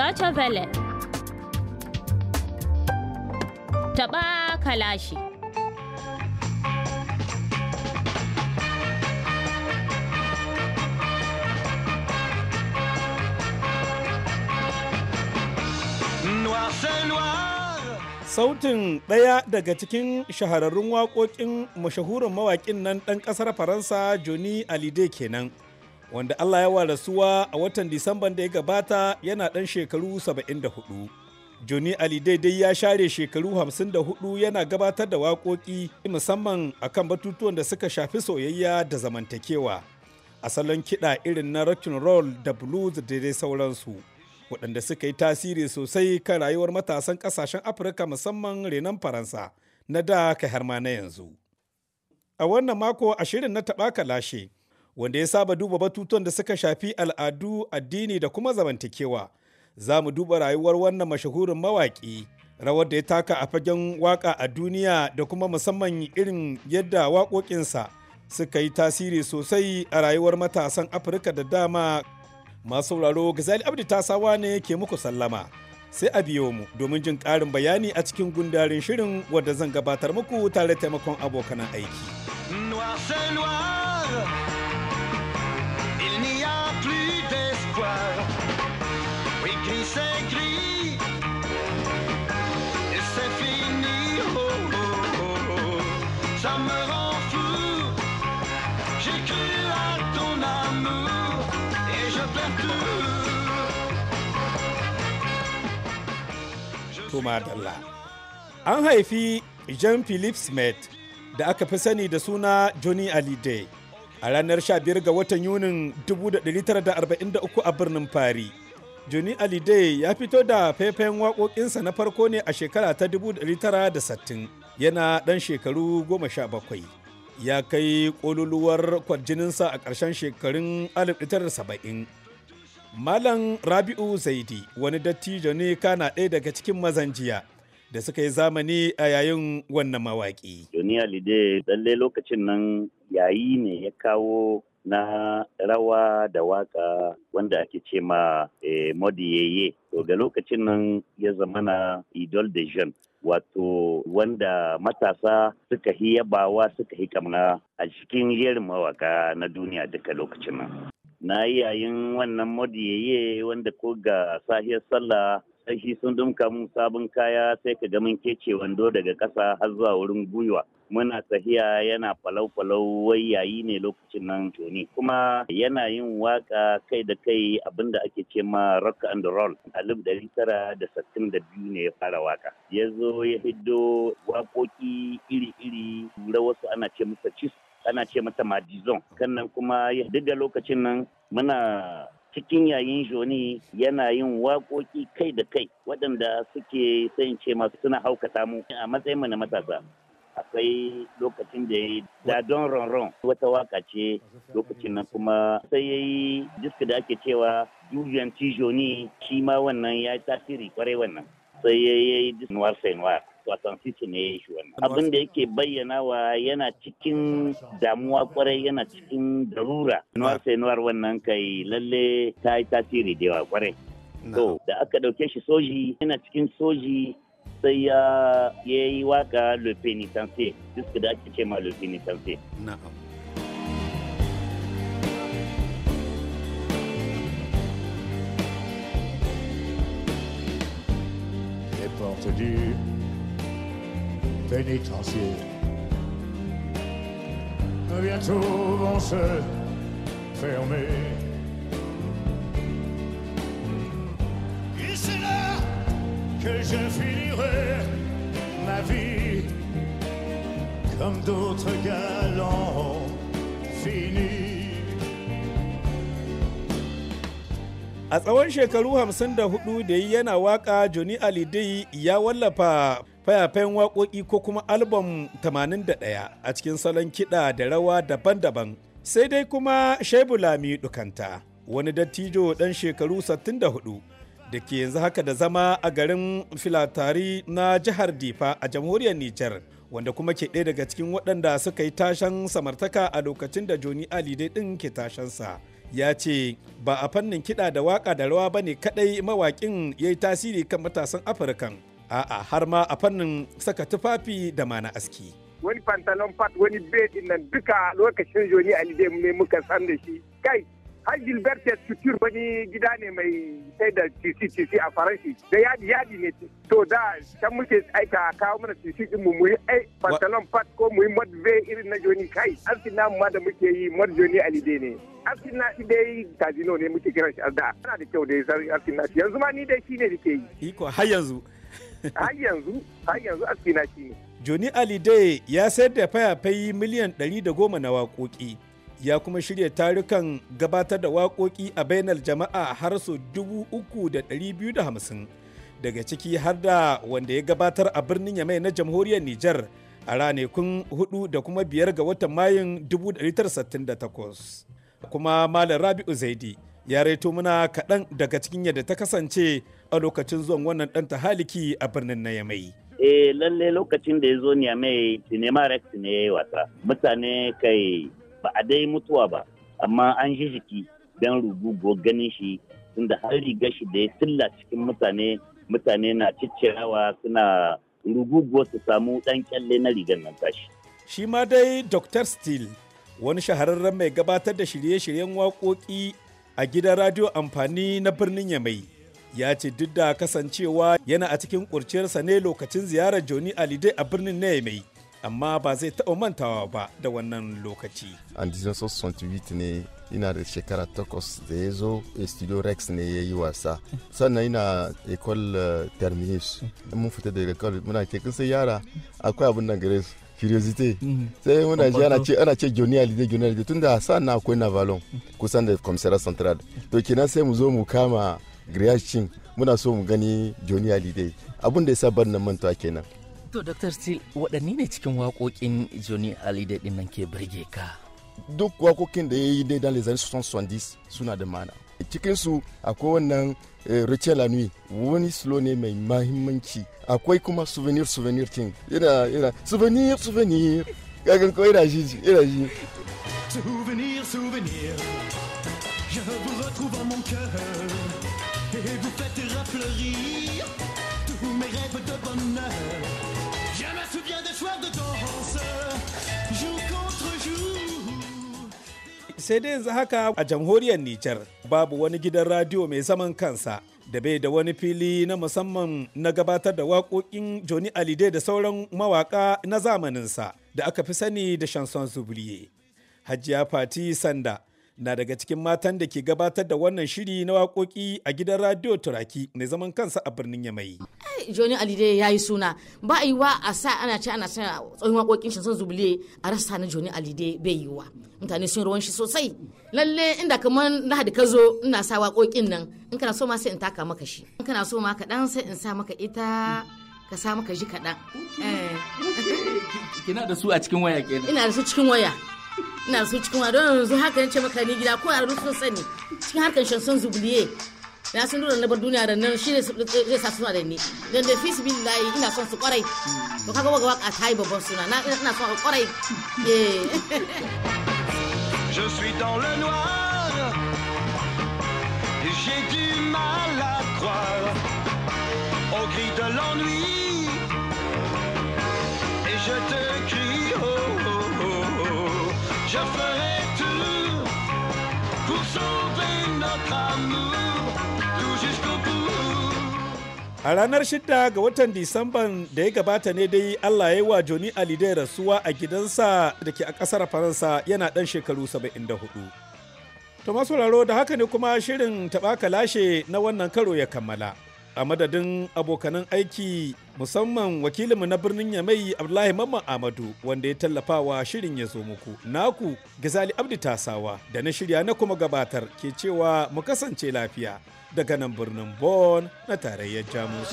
Deutsche Welle. Taɓa kalashi. Sautin ɗaya daga cikin shahararrun waƙoƙin mashahurin mawaƙin nan ɗan ƙasar Faransa Johnny alide kenan. wanda Allah ya wa rasuwa a watan Disamban da ya gabata yana ɗan shekaru 74. Joni Ali daidai ya share shekaru 54 yana gabatar da waƙoƙi musamman a kan batutuwan da suka shafi soyayya da zamantakewa. A salon kiɗa irin na rock and roll da blues da dai sauransu. waɗanda suka yi tasiri sosai kan rayuwar matasan ƙasashen afirka musamman renon faransa na da ka harma na yanzu a wannan mako a shirin na taɓa lashe wanda ya saba duba batutuwan da suka shafi al'adu addini da kuma zamantakewa za mu duba rayuwar wannan mashahurin mawaƙi rawar da ya taka a fagen waƙa a duniya da kuma musamman irin yadda waƙoƙinsa suka yi tasiri sosai a rayuwar matasan afirka da dama masu sauraro gazali abdi tasawa ne ke muku sallama sai a biyo mu domin jin ƙarin bayani a cikin gundarin shirin wadda zan gabatar muku tare taimakon abokan aiki. Noir, Oh, oh, oh. An haifi Jean-Philippe Smith da aka fi sani da suna Johnny Hallyday a ranar 15 ga watan Yunin 1943 a birnin Paris. Johnny Hallyday ya fito da faifayen waƙoƙinsa na farko ne a shekara ta 1960 yana ɗan shekaru 17. Ya kai ƙololuwar kwajininsa a ƙarshen shekarun 1970. Malam Rabi'u Zaidi wani dattijo ne kana ɗaya daga cikin mazan jiya da suka yi zamani a yayin wannan mawaƙi. Johnny Hallyday tsalle lokacin nan yayi ne ya kawo na rawa da waka wanda ake ce ma e, eh, modiyeye to da lokacin nan ya zama na idol de jeune wato wanda matasa suka hi yabawa suka hi kamna a cikin yerin mawaka na duniya duka lokacin nan na yayin wannan modiyeye wanda ko ga sahiyar sallah sai sun dumka mun sabon kaya sai ka ga mun kece wando daga ƙasa har zuwa wurin gwiwa muna sahiya yana falau-falau wai yayi ne lokacin nan tuni kuma yana yin waka kai da kai abinda ake ce ma rock and roll alif dari tara da sattin da biyu ne ya fara waka ya zo ya hiddo waƙoƙi iri-iri wasu ana ce masa cis ana ce mata madizon kannan kuma ya da lokacin nan muna cikin yayin joni yana yin waƙoƙi kai da kai waɗanda suke sayin ce masu suna haukata mu a matsayin mu na matasa akwai lokacin da ya da don ronron wata waka ce lokacin nan kuma sai ya yi diska da ake cewa julian joni shi ma wannan ya yi tasiri kwarai wannan sai ya yi Anwar Senwar. Watan Sisi ne ya shi wannan. Abin da yake bayyanawa yana cikin damuwa kwarai yana cikin darura. Anwar Senwar wannan kai lalle ta yi tasiri da yawa kwarai. To, da aka ɗauke shi soji, yana cikin soji sai ya yi waka Le disk da ake ce ma Le Na'am. dis, pénitentiaire. Bientôt vont se fermer. Et c'est là que je finirai ma vie comme d'autres galants finis. A tsawon shekaru 54 da yi yana waka Johnny Alidai ya wallafa fayafayen waƙoƙi ko kuma albam 81 a cikin salon kiɗa da rawa daban-daban. Sai dai kuma Shaibu Lami Dukanta, wani dattijo ɗan shekaru 64 da ke yanzu haka da zama a garin Filatari na jihar Difa a jamhuriyar Nijar. wanda kuma ke ɗaya daga cikin waɗanda suka yi tashen samartaka a lokacin da Joni Ali ɗin ke tashensa. ya ce ba a fannin kiɗa da waƙa da rawa ba ne kaɗai mawaƙin ya yi tasiri kan matasan afirkan a'a har ma a fannin saka tufafi da mana aski wani pantalon fat wani bed nan duka lokacin joni ali ne muka san da shi kai ai gilbert structure wani gida ne mai sai da cici a faransi. da yadi yadi ne to da can muke aika kawo mana cici din mu muyi ai pantalon pat ko muyi v irin na joni kai arsin namu ma da muke yi mod joni alide ne arsin na shi dai kazino ne muke kiran shi arda ana da kyau da arsin na yanzu ma ni dai shi ne da yi iko har yanzu har yanzu har yanzu arsin na shi ne joni alide ya sayar da fayafai miliyan 110 na waƙoƙi ya kuma shirya tarukan gabatar da waƙoƙi a bainar jama'a har su 3,250 daga ciki har da wanda ya gabatar a birnin yamai na jamhuriyar Nijar a ranakun 4 da kuma 5 ga watan Mayun 1968. Kuma Malam Rabi'u Zaidi ya reto mana kaɗan daga cikin yadda ta kasance a lokacin zuwan wannan ɗan haliki a birnin na yamai. eh lalle lokacin da ya zo ne mai cinema rex ne ya wasa mutane kai ba a dai mutuwa ba amma an shi jiki don rugugo ganin shi tunda har riga shi da ya tilla cikin mutane mutane na ciccirawa suna rugugo su samu dan kyalle na rigar nan tashi shi ma dai dr steel wani shahararren mai gabatar da shirye-shiryen waƙoƙi a gidan radio amfani na birnin yamai ya ce duk da kasancewa yana a cikin ƙurciyarsa ne lokacin ziyarar joni alidai a birnin na yamai amma ba zai taɓa mantawa ba da wannan lokaci. A 1968 ne ina da shekara takwas da ya zo eh, studio rex ne ya yi wasa sannan ina ecole euh, terminus mun fita daga ecole muna ke kusa yara akwai abin nan gare su curiosity mhm. sai muna ji ana ce ana ce joni Alide Johnny Alide tunda sa'an na akwai Navalon kusan da commissariat central to kenan sai mu zo mu kama Griachin muna so mu gani Johnny Alide abin da ya sa ban nan mantuwa kenan To Dr. Steele waɗanni ne cikin waƙoƙin Johnny Hallyday ɗin nan ke birge ka? Duk waƙoƙin da ya yi dai dan les sun 70 suna da mana. Cikinsu akwai wannan eh, Rachel Anui wani slow ne mai mahimmanci akwai kuma souvenir souvenir king Yana, yana, souvenir souvenir kagan kawai ina shi ina shi souvenir sai dai yanzu haka a jamhuriyar Nijar babu wani gidan radio mai zaman kansa da bai da wani fili na musamman na gabatar da waƙoƙin Joni Alide da sauran mawaƙa na zamaninsa da aka fi sani da Shanson Zubliye. Hajiya Fati Sanda na daga cikin matan da ke gabatar da wannan shiri na waƙoƙi a gidan radio turaki mai zaman kansa a birnin yamai joni alide ya yi suna ba a yi wa a sa ana ce ana sanya tsohon waƙoƙin shan son zubule a rasa na joni alide bai yi wa mutane sun ruwan shi sosai lalle inda kamar lahadi ka zo ina sa waƙoƙin nan in kana so ma sai in taka maka shi in kana so ma kaɗan sai in sa maka ita ka sa maka ji kaɗan. Eh. kina da su a cikin waya kenan ina da su cikin waya Je suis dans le noir J'ai du mal à croire Au cri de l'ennui Et je te crie je A ranar shidda ga watan Disamban da ya gabata ne dai Allah ya yi wa Joni Hallyday rasuwa a gidansa da ke a ƙasar Faransa yana ɗan shekaru 74. To masu da haka ne kuma shirin taɓa kalashe na wannan karo ya kammala. a madadin abokanan aiki musamman wakilinmu na birnin Yamai Abdullahi Mamman Amadu wanda ya tallafa wa shirin ya zo muku. Naku gizali Abdi Tasawa da na shirya na kuma gabatar ke cewa mu kasance lafiya daga nan birnin Bon na tarayyar Jamus.